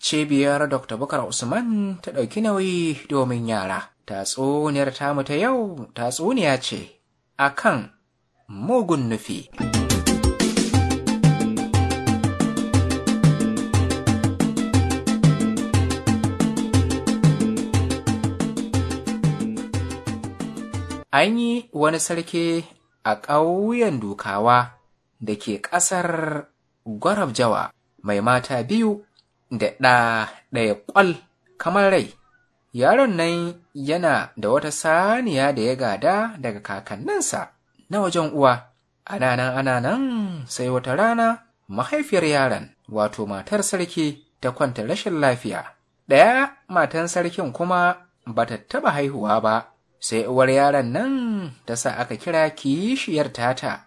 cibiyar dr bukar usman ta ɗauki nauyi domin yara tatsuniyar tamu ta yau tatsuniya ce akan mugun nufi an yi wani sarki a ƙauyen dukawa da ke ƙasar gwarabjawa mai mata biyu da ɗa ɗaya ƙwal kamar rai. Yaron nan yana da wata saniya da ya gada daga kakanninsa na wajen uwa. Ananan-ananan, sai wata rana mahaifiyar yaron wato matar sarki ta kwanta rashin lafiya. Ɗaya matan sarkin kuma ba ta taɓa haihuwa ba, sai uwar yaron nan ta sa aka kira kishiyar tata.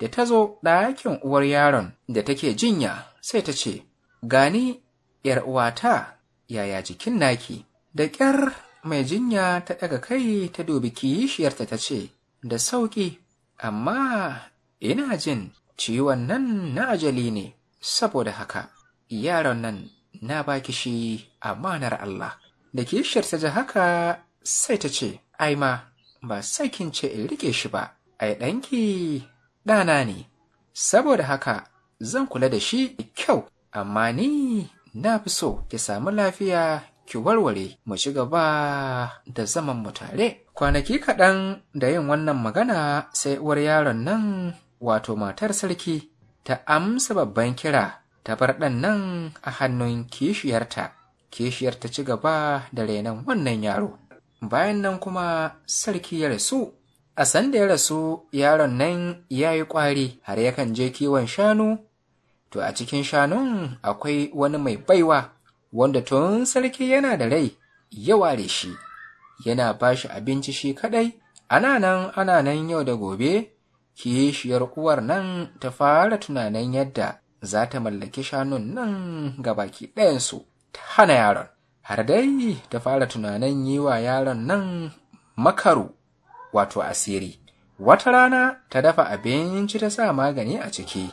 Da ta zo ɗakin uwar yaron da take jinya sai ta ce, Gani ‘yar uwata, yaya jikin naki?’ Da ƙyar mai jinya ta ɗaga kai ta dubi kishiyarta ta ce, Da sauƙi, amma ina jin ciwon nan na ajali ne, saboda haka, yaron nan na baki shi amanar Allah. Da kishiyarta ji haka sai ta ce, Ai ma, ba sai ce in riƙe shi ba, ai ɗanki ɗana ne, saboda haka zan kula da shi kyau, amma ni na fi so ki samu lafiya ki warware mu ci gaba da zaman mu tare kwanaki kaɗan da yin wannan magana sai uwar yaron nan wato matar sarki ta amsa babban kira ta bar ɗan nan a hannun kishiyarta kishiyar ta ci gaba da renon wannan yaro bayan nan kuma sarki ya rasu a sanda ya rasu yaron nan ya yi ƙwari har yakan je kiwon shanu to a cikin shanun akwai wani mai baiwa wanda tun sarki yana da rai ya ware shi yana ba shi abinci shi kaɗai ana nan ana nan yau da gobe kishiyar uwar nan ta fara tunanin yadda za ta mallaki shanun nan ga baki ɗayansu ta hana yaron har dai ta fara tunanin yi wa yaron nan makaru wato asiri wata rana ta dafa abinci ta sa magani a ciki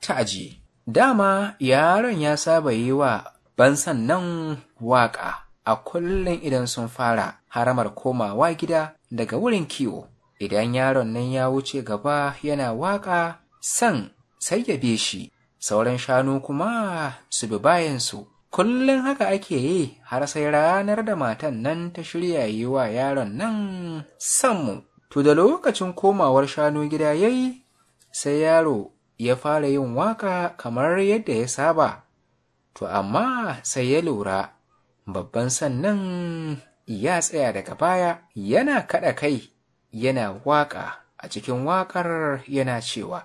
ta ajiye Dama yaron ya saba yi wa bansan nan waƙa a kullum idan sun fara haramar komawa gida daga wurin kiwo. Idan yaron nan ya wuce gaba yana waƙa san sai ya be shi, sauran shanu kuma su bi bayansu. Kullum haka ake yi har sai ranar da matan nan ta shirya yi wa yaron nan sanmu. To da lokacin komawar shanu gida yayi sai yaro ya fara yin waka kamar yadda ya saba to amma sai ya lura babban sannan ya tsaya daga baya yana kaɗa kai yana waƙa a cikin waƙar yana cewa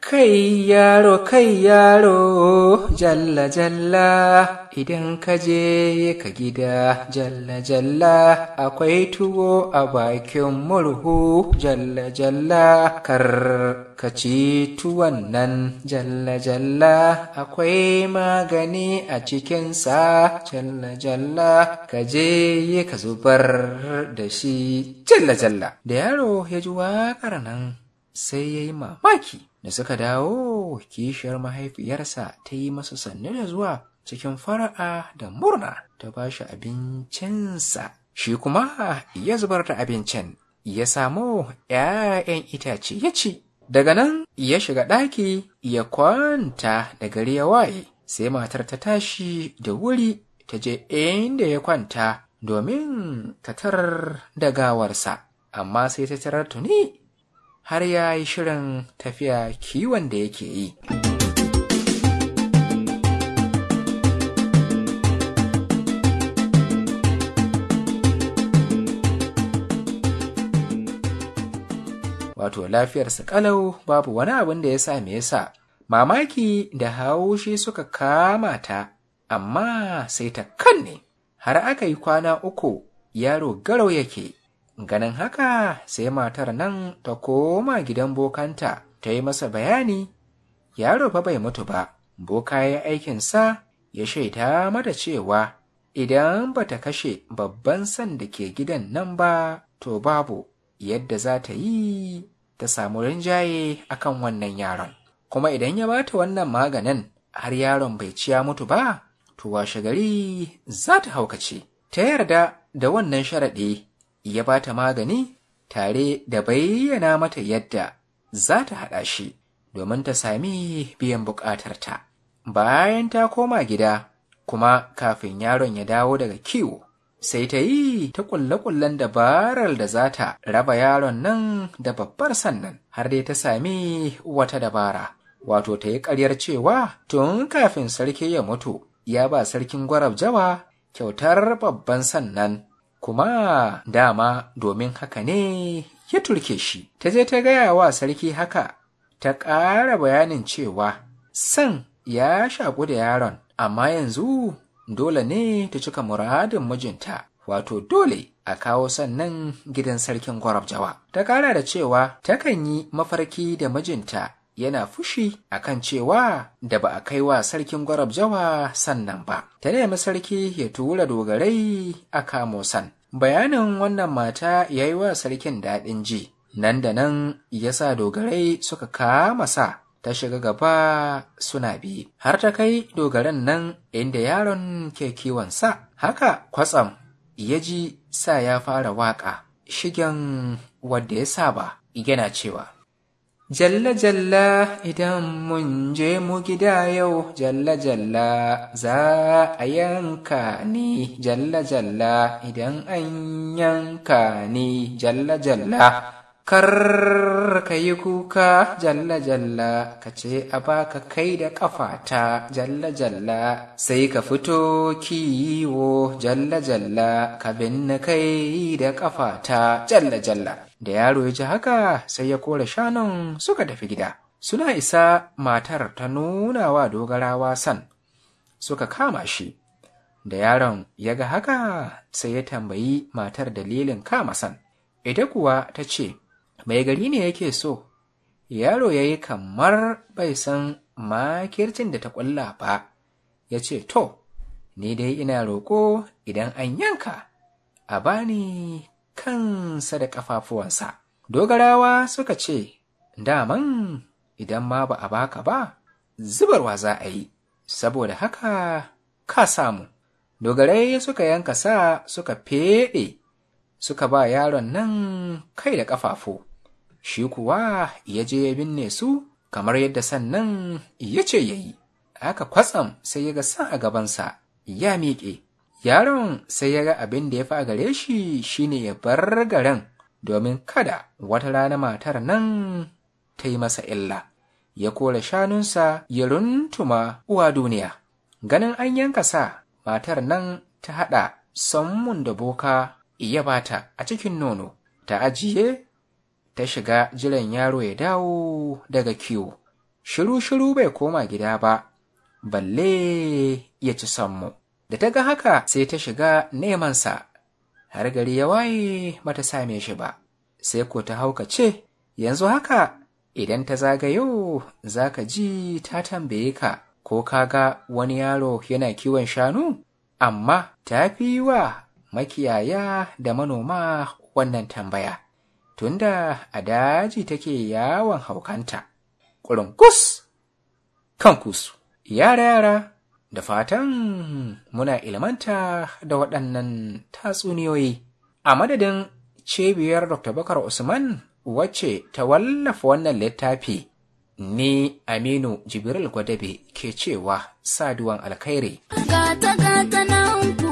Kai yaro, kai yaro, jalla jalla, idan ka je ka gida, jalla jalla, akwai tuwo a bakin murhu, jalla jalla, kar ka ci tuwon nan, jalla jalla, akwai magani a cikinsa, jalla jalla, ka je ka zubar da shi, jalla jalla. Da yaro ya ji waƙar nan sai ya yi mamaki. da suka dawo kishiyar mahaifiyarsa ta yi masa sannu da zuwa cikin fara'a da murna ta ba shi abincinsa shi kuma ya zubar da abincin ya samu ‘ya'yan itace ya ci daga nan ya shiga ɗaki ya kwanta da gari ya waye sai matar ta tashi da wuri ta je inda ya kwanta domin ta tarar da gawarsa amma sai ta tarar tuni har ya yi shirin tafiya kiwon da yake yi. Wato lafiyarsa ƙalau babu wani abin da ya same yasa, mamaki da haushi suka kama ta, amma sai ta kan ne, har aka yi kwana uku yaro garau yake. ganin haka sai matar nan ta koma gidan bokanta ta yi masa bayani yaro fa bai mutu ba boka ya aikinsa ya shaita mata cewa idan ba ta kashe babban san da ke gidan nan ba to babu yadda za ta yi ta samu rinjaye akan wannan yaron kuma idan ya bata wannan maganin har yaron bai ciya mutu ba to washe gari za ta haukace ta yarda da wannan sharaɗi ya ba ta magani tare da bayyana mata yadda za ta haɗa shi domin ta sami biyan buƙatarta. Bayan ta koma gida, kuma kafin yaron ya dawo daga kiwo, sai ta yi ta ƙulle-ƙullen dabarar da za ta raba yaron nan da babbar sannan har dai ta sami wata dabara. Wato ta yi ƙaryar cewa tun kafin sarki ya mutu, ya ba sarkin gwarab jawa kyautar babban sannan kuma dama domin haka ne ya turke shi ta je ta gaya wa sarki haka ta ƙara bayanin cewa san ya shaƙu da yaron amma yanzu dole ne ta cika muradin mijinta wato dole a kawo sannan gidan sarkin gwarabjawa ta ƙara da cewa takan yi mafarki da mijinta yana fushi akan cewa da ba a kai wa sarkin Gwarabjawa sannan ba. Ta nemi sarki ya tura dogarai a Kamosan. Bayanin wannan mata ya yi wa sarkin daɗin ji, nan da nan ya sa dogarai suka kama sa ta shiga gaba suna bi har ta kai dogaran nan inda yaron ke sa, haka kwatsam ya ji sa ya fara waƙa shigen wadda ya saba yana cewa Jalla jalla idan mun je mu gida yau jalla jalla za a yanka ni jalla jalla idan an yanka ni jalla jalla kar ka yi kuka jalla jalla ka ce a baka kai da ƙafata jalla jalla sai ka fito kiwo jalla jalla ka binne kai da ƙafata jalla jalla da yaro ya ji haka sai ya kore shanun suka tafi gida suna isa matar ta nuna wa dogarawa san suka kama shi da yaron ya ga haka sai ya tambayi matar dalilin kama san ita kuwa ta ce mai gari ne yake so yaro ya yi kamar bai san makircin da ta ƙulla ba ya ce to ni dai ina roƙo idan an yanka a bani kansa da ƙafafuwansa dogarawa suka ce daman idan ma ba a baka ba zubarwa za a yi saboda haka ka samu dogarai suka yanka sa suka feɗe suka ba yaron nan kai da ƙafafu shi kuwa ya je ya binne su kamar yadda sannan ya ce ya yi aka kwatsam sai ya ga san a gabansa ya miƙe yaron sai ya ga abin da ya fi a gare shi ne ya bar garin domin kada wata rana matar nan ta yi masa illa ya kora shanunsa ya runtuma uwa duniya ganin an yanka sa matar nan ta haɗa sammun da boka iya bata a cikin nono ta ajiye ta shiga jiran yaro ya dawo daga kiwo shiru-shiru bai koma gida ba balle ya ci sammu da ta ga haka sai ta shiga neman sa, har gari ya waye mata same shi ba sai ko ta hauka ce yanzu haka idan ta zagayo za ka ji ta tambaye ka ko ka ga wani yaro yana kiwon shanu amma ta fi wa makiyaya da manoma wannan tambaya tunda a daji take yawon haukanta ƙulunkus kan kusu yara yara da fatan muna ilmanta da waɗannan tatsuniyoyi a madadin cibiyar dr bakar usman wacce ta wallafa wannan littafi ni aminu jibril gwadabe ke cewa saduwan alkhairi gata gata na